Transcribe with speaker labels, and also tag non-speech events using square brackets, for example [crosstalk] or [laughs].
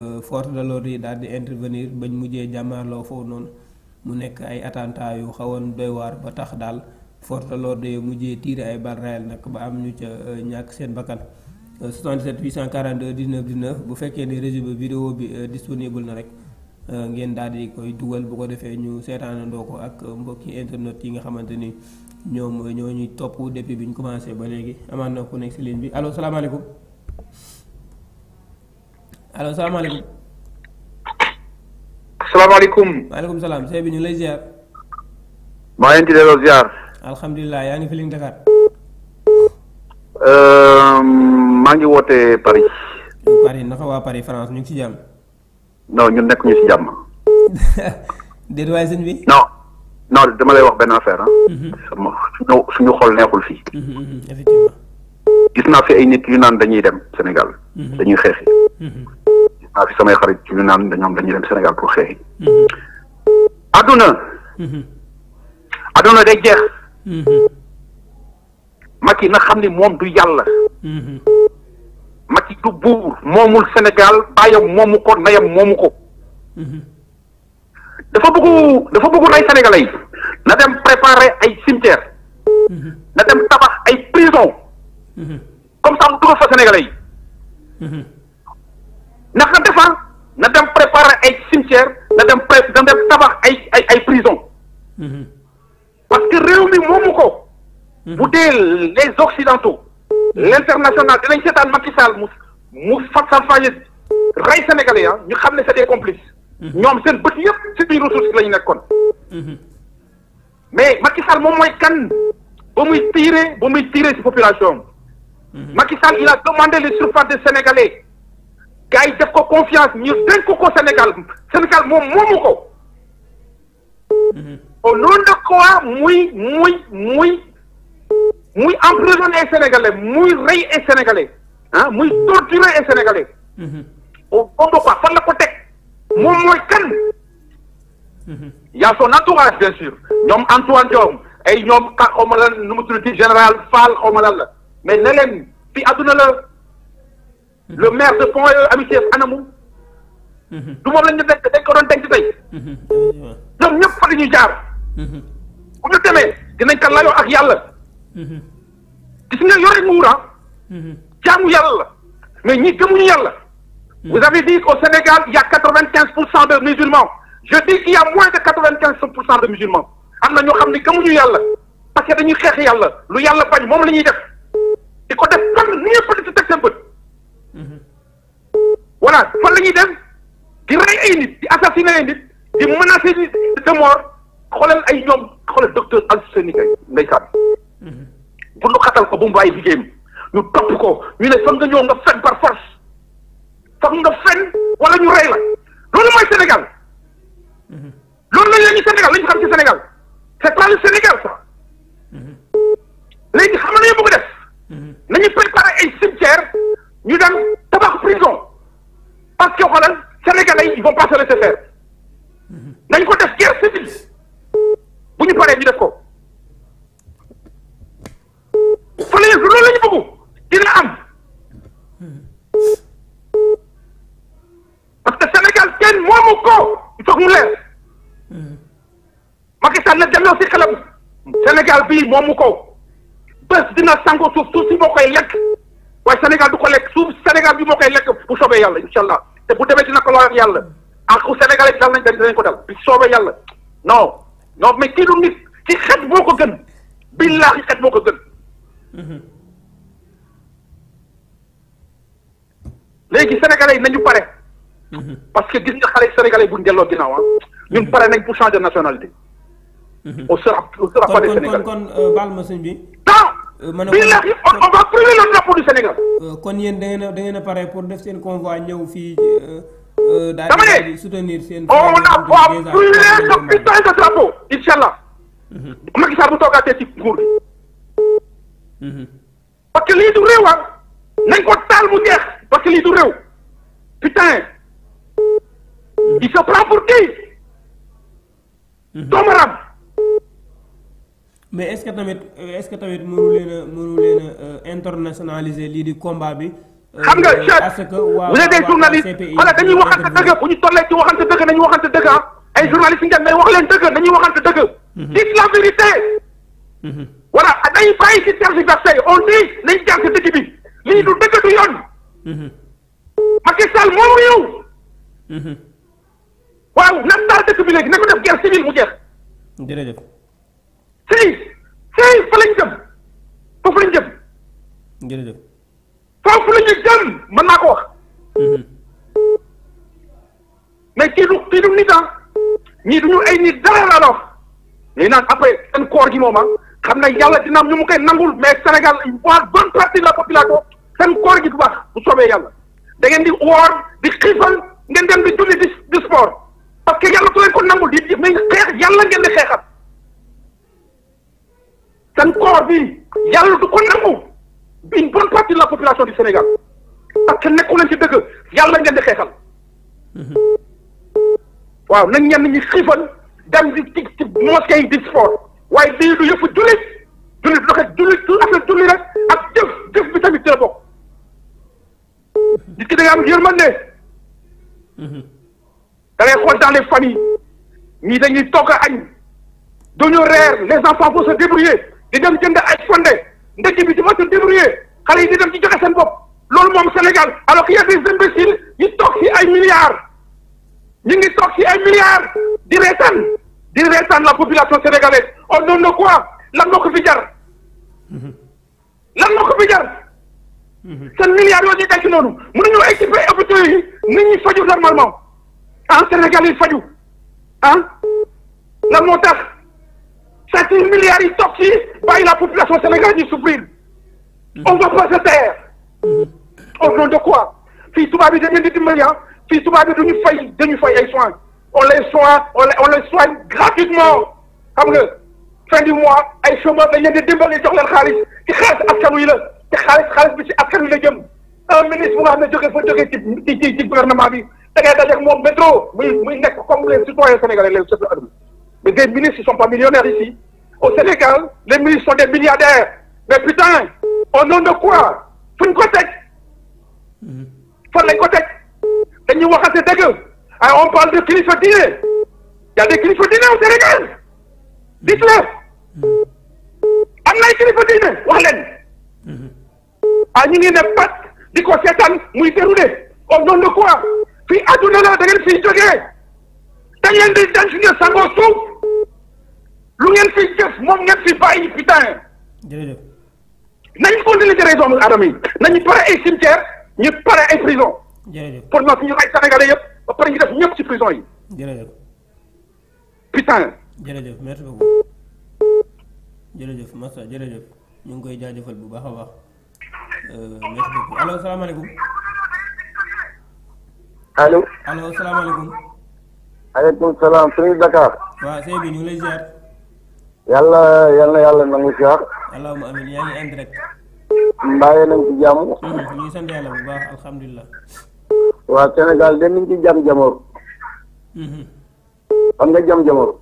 Speaker 1: Euh, force de l'ordre yi daal di intervenir bañ mujjee jàmmaarloo foofu noonu mu nekk ay attentat yu xawoon doy waar ba tax daal force de l'ordre yi mujjee tiire ay balles réelles nag ba am ñu ca euh, ñàkk seen bakkan 77 842 19 19 bu fekkee ni résumé vidéo bi euh, disponible na rek ngeen daal di koy dugal bu ko defee ñu seetaanandoo ko ak mbokki internet yi nga xamante ni ñoom ñoo ñuy topp depuis bi ñu commencé ba léegi amaat na ku nekk si ligne bi allo salaamaaleykum. allo salaamaaleykum. salaamaaleykum. maaleykum salaam sëñ bi ñu ngi lay ziar.
Speaker 2: maa ngi leen
Speaker 1: di yaa ngi fi Dakar. Euh, maa ngi woote Paris. Paris naka waa Paris France ñu ngi ci jàmm. non ñu nekk ñu ci jàmm. [laughs] déet waay sëñ bi.
Speaker 2: non dama lay wax benn affaire ah. Mhm. suñu xol neexul fii.
Speaker 1: Mhm, mhm,
Speaker 2: gis naa fi ay nit yu naan dañuy dem Sénégal. dañuy xeexi. naa fi samay xarit ci ñu naan dañoom dañuy dem Sénégal pour xeexi adduna adduna day jeex Macky na xam ni moom du yàlla mhm. Macky du buur moomul Sénégal bàyyam moomu ko ndeyam moomu ko mhm. dafa bëggu dafa bëggu rey sénégalais na dem préparer ay cimetière mhm. na dem tabax ay prison comme ça mu dugal fa sénégalais na ko defar na dem préparer ay cimetière na dem pré na dem tabax ay ay ay prison mhm. parce que réew mi moomu ko. Mhm. bu dee les occidentaux. l' international dinañ seetaan Macky Sall mu mu salfaañe rey sénégalais ah ñu xam ne c' des complices. Mhm. ñoom seen bët yëpp ci biir ressource la ñu nekkoon. mais Macky Sall moom mooy kan ba muy tirer ba muy tirer ci population am. Macky Sall il a demandé les surfaces des sénégalais. gars yi def ko confiance ñu dénk ko ko Sénégal Sénégal moom moomu ko. Mhm. au nom de quoi muy muy muy muy emprisonné ay sénégalais muy rey ay sénégalais ah muy torturé ay sénégalais. Mhm. au nom de quoi fan la ko teg moom mooy kan. Mhm. y a son entourage bien sûr ñoom Antoine Diome ay ñoom xaw ma lan nu mu tuddati général Fall xaw ma lan la mais ne leen fi àdduna la. le maire de Pont yooyu ami chef ana moom du moom lañ ñu denc dañ ko doon denc tey ñoom ñëpp fa dañuy jaar bu ñu demee dinañ ko layoo ak yàlla gis nga yore nguura ah. jaamu yàlla la mais ñi gëmuñu yàlla vous avez dit qu'au Sénégal il y a quatre-vingt-quinze pour cent de musulmans je dis qu'il y a moins de quatre-vingt-quinze pour cent de musulmans am na ñoo xam ne gëmuñu yàlla parce que dañuy xeex yàlla lu yàlla bañ moom la ñuy def di ko def fan ñëpp di ci teg seen bët assassiné nit di menacé nit de mort xoolal ay ñoom xoolal docteur Alseni Gueye ndeysaan. bu mhm. nu xatal ko bu mu bàyyi liggéeyam ñu topp ko ñu ne fan nga ñëw nga fen par force fan nga fen wala ñu rey loolu mooy Sénégal. Mhm. loolu la ñu Sénégal la ñu xam ci Sénégal se pas le Sénégal ça. Mhm. léegi xam nañu bëgg def nañu préparé ay cimetière ñu dem tabax prison parce que xoolal sénégalais yi ils vont pas se nañ ko def guerre civile bu ñu paree ñu def ko fële loolu la ñu bëgg dina am parce que Sénégal kenn moomu ko il faut que mu leer Macky Sall na delloo si xelam Sénégal bii moom ko bés dina sangoo suuf suuf si lekk waaye Sénégal du ko lekk suuf senegal bi moo koy lekk bu soobee yàlla incha allah te bu demee dina ko loo ak yàlla sénégalais bi dal nañ ko dal bi soobee yàlla non non mais kii du nit ci xet boo ko gën billaahi xet boo ko gën. léegi sénégalais yi nañu pare. parce que gis nga xale sénégalais bu delloo ginnaaw ah. ñun pare nañ pour changer nationalité. on sera on sera pas des sénégalais
Speaker 1: kon kon euh, ma sëñ bi. non.
Speaker 2: Euh, ma ne ko billaahi
Speaker 1: Sénégal. Euh, kon yéen da ngeen a da ngeen pare pour def seen convoi ñëw fii. Euh, dama ne on a
Speaker 2: va brûler ce putain de drapeau incha allah. Mhm. Macky Sall bu toogaatee ci nguur gi. Mhm. que lii du réew ah. nañ ko taal mu jeex parce que lii du réew. putain. Mhm. il se prend pour qui.
Speaker 1: mais est-ce que tamit est tamit mënu leen a leen a euh, lii di combat bi. Euh, xam nga Cheikh vous êtes des journalistes wala dañuy waxante
Speaker 2: dëgg bu ñu tollee ci waxante dëgg nañu waxante dëgg ah ay hmm. journalistes ngeen may wax leen dëgg nañuy waxante dëgg. Hmm. dis la vérité. Hmm. voilà dañuy bàyyi ci tergiversé on dit nañ jaar ci dëgg bi lii du dëgg du yoon. Macky Sall moomu yow. waaw nan daal dëkk bi léegi na ko def guerre civile mu jeex. jërëjëf. si si fa lañ jëm foofu lañ jëm. jërëjëf. foofu la ñu jëm mën naa ko wax. Mhm. kii du kii du nit ah ñii duñu ay nit dara laa la wax ñuy après seen koor gi moom a ah. xam na yàlla dina am ñu mu koy nangul mais Sénégal voire bonne la population seen koor gi du baax bu soobee yàlla da ngeen di woor di xiifal ngeen dem di julli di di sport parce que yàlla su leen ko nangul di mais xeex yàlla ngeen di xeexal seen koor bi yàlla du ko nangu. une bonne partie de la population du Sénégal parce que nekku leen ci dëgg yàlla ngeen di xeexal. Mhm. waaw nañ ñenn ñi xiifal dem di ci ci mosquée yi di sport waaye lii du yëfu jullit jullit doxe jullit lu affaire julli rek ak jëf jëf bi tamit ci ki da am yërmande mhm. da ngay xool dans les familles ñii dañuy togg añ duñu reer les enfants vont se débrouiller di dem jënd ay fonde ndekki bi tu vas te débrouiller xale dem ci joxe seen bopp loolu moom Sénégal alors qu'il y a des imbéciles yi toog ci ay milliards ñu ngi toog ci ay milliards di reetaan di reetaan la population sénégalaise au nom de quoi lan moo ko fi jar lan moo ko fi jar seen milliards yooyu ñu ci noonu mënuñu yi nit ñi faju normalement ah Sénégal yi faju ah lan moo c'est-à-dire milliards yi toog fii bàyyi la population sénégalaise di souffrir on va pas se taire mhm. au nom de quoi fii tubaab yi dañ leen di dimbali ah. fii tubaab de dañu fay dañu fay ay soins on les soigne on les on les soigne gratuitement xam nga fin du mois ay chômeurs dañ leen di dimbali jox leen xaalis ci xaalis askan wi la te xaalis xaalis bi ci askan wi la jëm un ministre bu nga xam ne jógee fa jógee ci ci ci gouvernement bi da ngay dajeeg moom métro muy muy nekk comme les citoyens sénégalais les chefs de Mais des ministres ne sont pas millionnaires ici. Au Sénégal, les ministres sont des milliardaires. Mais putain, au nom de quoi Faut une cotec. Mm-hmm. Faut les cotec. Alors on parle de clifotiner. Il y a des clifotinés au Sénégal. Dites-le. Mm-hmm. am na ay kilifa diine wax leen. Mm-hmm. ah ñu ngi ne pat di ko seetaan muy déroulé au nom de quoi fii àdduna la da ngeen fiy jógee dañ leen di dañ suñu sangoo suuf. lu ngeen fi jëf moom ngeen fi bàyyi putain. jërëjëf. nañu continuer di raison adama yi nañu pare ay cimetière ñu pare ay prison. jërëjëf pour ñu ñu ay sénégalais yëpp ba pare ñu def ñëpp ci prison yi. jërëjëf. putain. jërëjëf merci beaucoup
Speaker 1: jërëjëf Massa jërëjëf ñu ngi koy jaajëfal bu baax a baax euh, merci beaucoup allo salaamaaleykum. allo allo
Speaker 2: salaamaaleykum. maaleykum salaam. Dakar.
Speaker 1: waaw sëñ bi ñu ngi lay ziar.
Speaker 2: yàlla yal yàlla nangu si wax. allahumma
Speaker 1: nañ ci jàmm.
Speaker 2: Hmm,
Speaker 1: yàlla bu baax alhamdulilah.
Speaker 2: waa Sénégal de nañ ci jàmm jamono. Hmm, hmm. xam nga jàmm jamono.